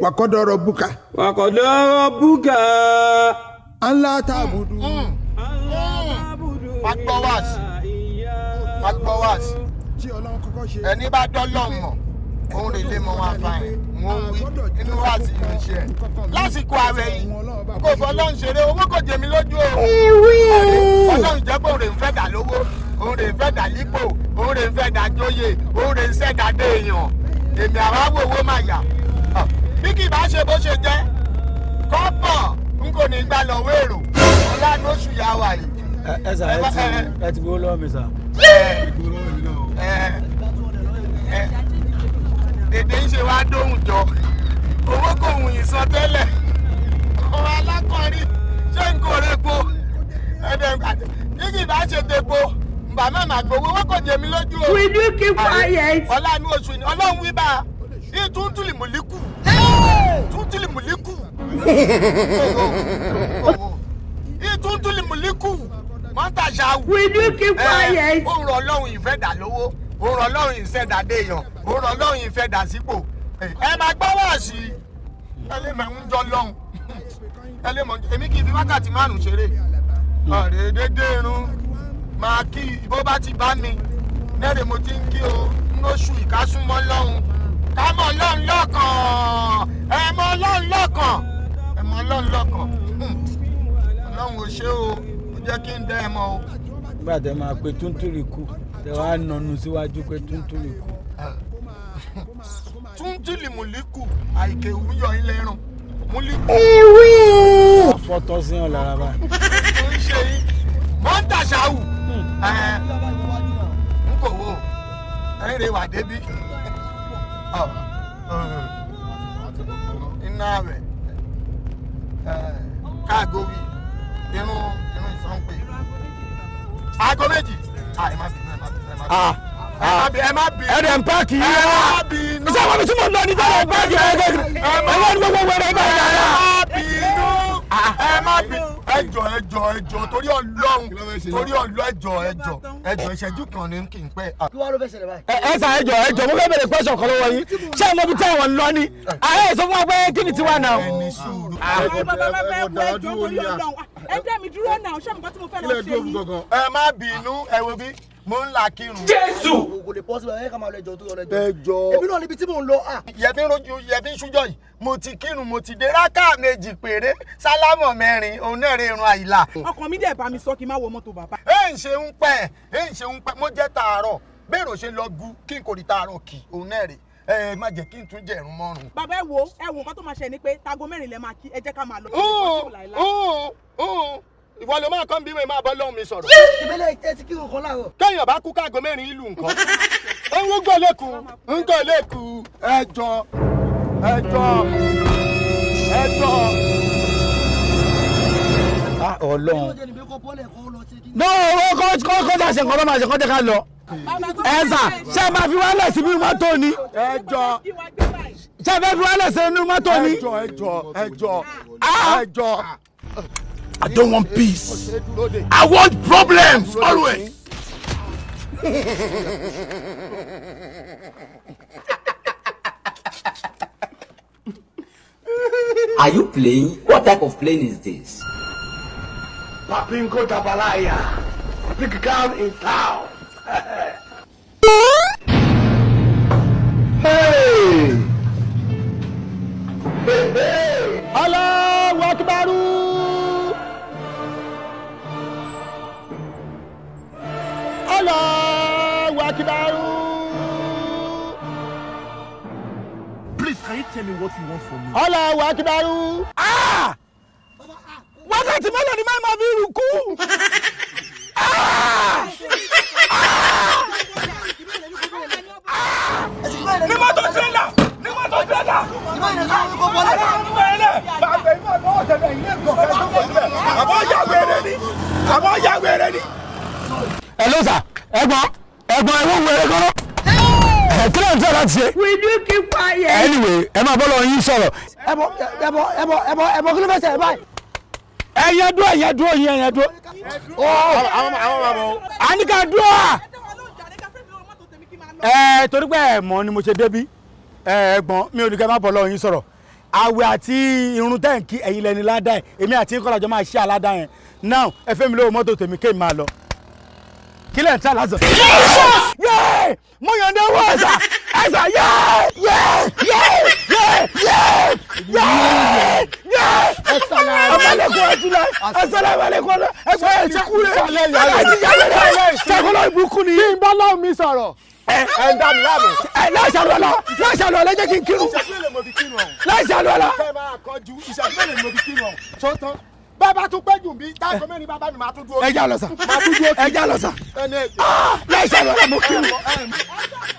وقضى ربك وقضى ربك ألا تعبدوا pàgbọ́ wáàsì pàgbọ́ wáàsì ẹni bá dọ́lọ́ mọ̀ òun rè lé mọ wọn àfààní wọn wí inú wáàsì yìí ń ṣe ẹ lásìkò ààrẹ yìí kò fọ ọlọ́run ṣeré owó kò jẹ mí lójú o ọlọ́run jẹ́ kó rè ń fẹ́ dà lówó òun rè ń fẹ́ dà lípò òun rè ń fẹ́ dà jóyè òun rè ń fẹ́ dà dé èèyàn èmi àwọn awòwò máa yà bí kì bá ṣe bó ṣe jẹ́ kọ́pọ̀ n kò ní gbà oṣù yà wà yìí. ẹ èdè ń ṣe wá dóhùn jọ owó kò hùn ìsan tẹ́lẹ̀ ọ̀rọ̀ ṣé n kò rẹ́po bí kì bá ṣe tepo bàbá màmá gbowó owó kò jẹ mí lójú o. keep quiet. oṣù ni ọlọ́run wí bá ìtúntúlì mùlíkù mọ́tàṣà wù. will you keep quiet. ó rọ ọlọ́run ìfẹ́dà lówó ó rọ ọlọ́run ìfẹ́dà déèyàn ó rọ ọlọ́run ìfẹ́dà sípò ẹ máa gbọ́ wáàsí ẹlẹ́mọ̀ ń jọ lọ́hùn ẹlẹ́mọ̀ èmi kì í fi wákàtí márùn-ún ṣeré ọ̀rẹ́ dédé irun máa kí bó bá ti bá mi lẹ́rìí mo ti ń kí o lóṣù ìkásùnmọ́ lọ́hùn ká mọ̀ lọ́hùn lọ́kàn ẹ̀ mọ̀ lọ́hùn lọ́kàn ọlọ́run lọ́kọ̀ ọlọ́run ò ṣe o ó jẹ́ kí n dá ẹ mọ́ o. nígbà tẹ máa pe túntúrì kù tẹ wàá nọnu síwájú pé túntúrì kù. túntúrì mùlíkù àìkè òwúyọ ilé irun múlíkù. ewé. sí ọ lára bá. ó ṣáwù n kò wo ẹ wà débi iná rẹ̀ aago wí inú inú ìsọ̀npẹ̀ aago méjì ah, ẹ má bínú ẹ má bínú ẹ má bínú ẹdẹ mpaaki yi yẹn na sábà bí túmọ̀ nínú ìjọba mpaaki yẹn na ẹgbẹ́ ni gbogbo wẹrẹ ẹ ah. bá ẹ má bínú ẹ má bínú ẹjọ ẹjọ ẹjọ torí Ọlọ́run torí Ọlọ́run ẹjọ ẹjọ ẹjọ ìṣẹ́jú kan ni kì í pẹ́. Ah. kí wàá ló fẹ́ ṣẹlẹ̀ báyìí. ẹ sà ẹjọ ẹjọ mo fẹ́ bẹ̀rẹ̀ pẹ́sọ̀ kan lọ́wọ́ yín ṣé ẹ mọ ibi tí àwọn ń lọ ni ààrẹ ah, sọ fún wa pé kí ni tiwa náà. àwọn ah. bàbá bá bẹ wọ ẹjọ torí Ọlọ́run ẹ dá mi dúró náà ṣé àmì kan tí mo fẹ́ lọ ṣe yìí. ẹ má bínú ẹ wo bí mo ń la kírun. jésù. kò lè pọ́sibẹ̀ ẹ ká máa lọ ẹjọ́ tó yọ lẹ́jọ́. ẹjọ́. èmi náà níbi tí mò ń lọ. yẹ̀bí ń rojú yẹ̀bí ń ṣújọ́ yìí mo ti kírun mo ti dé rákà méjì péré sálámọ̀ mẹ́rin òun náà rẹ irun àyìlá. ọkàn mi dẹ̀ bá mi sọ kí n má wọ mọ́tò bàbá. ẹ ń ṣe ń pẹ́ ẹ ń ṣe ń pẹ́ mo jẹ́ tààrọ̀ bẹ́ẹ̀rù ṣe lọ gu kí n kò rí tààrọ̀ kì òun náà rè ẹ má jẹ́ kí n tún jẹ̀rún mọ́rùn. bàbá ẹ wo ẹ wo nǹkan tó máa ṣe ni pé tago mẹ́rin lẹ máa kí ẹ jẹ́ ká máa lọ. ìwọ ló máa kọ́ bí mi máa bọ́ lọ́hùn mi sọ̀rọ̀. ìbílẹ̀ ìtẹ́sí kí nǹkan láàrọ̀. kéèyàn bá kú kágo mẹ́rin ìlú nǹkan. ń gbọ́ lẹ́kùn ń gbọ́ lẹ́kùn ẹ ẹjọ́ ẹjọ́. Ọlọ́run no kọ́ kọ́ kọ́ ṣàṣẹ nǹkan bá máa kọ́ tẹ́ ká lọ ẹ̀sà ṣé máa fi wálẹ̀ sí bí wọ́n ni ṣé fẹ́ fi wálẹ̀ sí inú mọ́tò ni. I don't want peace. I want problems always. Are you playing? What type of plane is this? Papinko Tabalaya. Big gun in town. hey! Hey, hey! Allahu Hello, Allahu Akbaru! Tell me what you want from me. Allahu Akbar. Ah! ah oh. Wákàtí mélòó ni máa ma fi rùkú? Ah! Ah! Ní mọ́tò tírélà! Ní mọ́tò tírélà! Ìmọ̀ ìrẹsì ọ̀rọ̀ kò bọ́lá. Ìmọ̀ ìrẹsì bàbá ìmọ̀ ìmọ̀ ọ̀tẹ̀lẹ̀ ìlẹ̀ ìgbọ̀kẹ́ tó kọ̀ sílẹ̀. Àbọ̀ yàgbé rẹ̀ ni. Àbọ̀ yàgbé rẹ̀ ni. bá tiẹ̀. we do keep quiet. anyway ẹ máa bọ́lọ̀ yín sọ̀rọ̀. ẹbọ ẹbọ ẹbọ ẹbọ ẹbọ kí ló fẹ́ sẹ́yìn báyìí. ẹyẹ dúró ẹyẹ dúró yín ẹyẹ dúró. àwọn máa bọ̀. àníkà dúró à. ẹ torí pé ẹ mọ̀ ni mo ṣe débi ẹ̀gbọ́n mi ò ní kẹ́ máa bọ́lọ̀ yín sọ̀rọ̀ àwẹ̀ àti irun tẹ́ǹkì ẹ̀yin lẹni ládàá yẹn èmi àti yín kọ́lájọ́ máa ṣe àládàá yẹn now ẹ fẹ́ mi lówó mọ́tò tèmi kéèmí máa lọ kílẹ̀ ń tà lásán. mo yàn dé wọ́ọ̀sà. Yes! Yes! Yes! Yes! Yes! Yes! yeah, yeah. Asalaamualeykum Ajula. Asalaamualeykum Ajula. Ẹ sọ ẹ ti kú lé. Ẹ ti yá lẹ́lẹ́. Ṣàkóló ìbùkún ni. Bí n bá láwọn mi sọ̀rọ̀. Ẹ ẹ ń dá mi láàmú. Ẹ láì ṣàlùwà la. Láì ṣàlùwà la ẹ jẹ́ kí n kírun. Ìṣàkílẹ̀ lè mọ̀ fi kírun ọ̀hún. Láì ṣàlùwà la. Ṣé máa kọjú? Ìṣàkílẹ̀ lè mọ̀ fi kírun ọ̀hún. Sọ́tàn bàbá tún pé jù bí táàgọ́ mẹ́rin bàbá mi máa tún dúró. ẹ já lọ sà ẹ já lọ sà lẹ́sẹ̀ lọ́la mo kí wọn.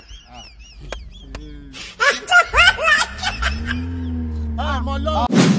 my love.